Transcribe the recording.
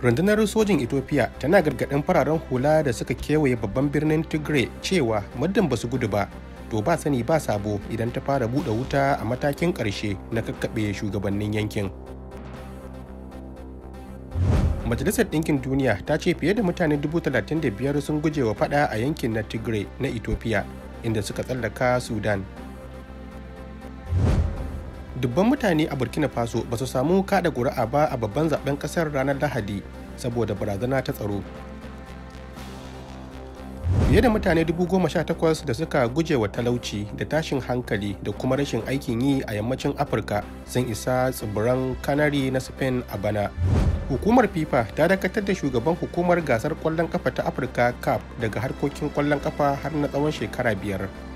rundunar sojin ethiopia tana gargadin fararen hula da suka kewaye babban birnin tigray cewa muddin ba su gudu ba to ba sani ba sabo idan ta fara buɗe wuta a matakin ƙarshe na kakkaɓe shugabannin yankin majalisar ɗinkin duniya ta ce fiye da mutane 35,000 sun gujewa fada a yankin na tigray na ethiopia inda suka tsallaka sudan dubban mutane a burkina faso ba su samu kada ƙuri'a ba a babban zaben ƙasar ranar lahadi saboda barazana ta tsaro fiye da mutane 18,000 da suka guje wa talauci da tashin hankali da kuma rashin aikin yi a yammacin afirka sun isa tsibiran kanari na spain a bana hukumar fifa ta dakatar da shugaban hukumar gasar kwallon kafa ta afirka cap daga harkokin kwallon kafa har na tsawon shekara biyar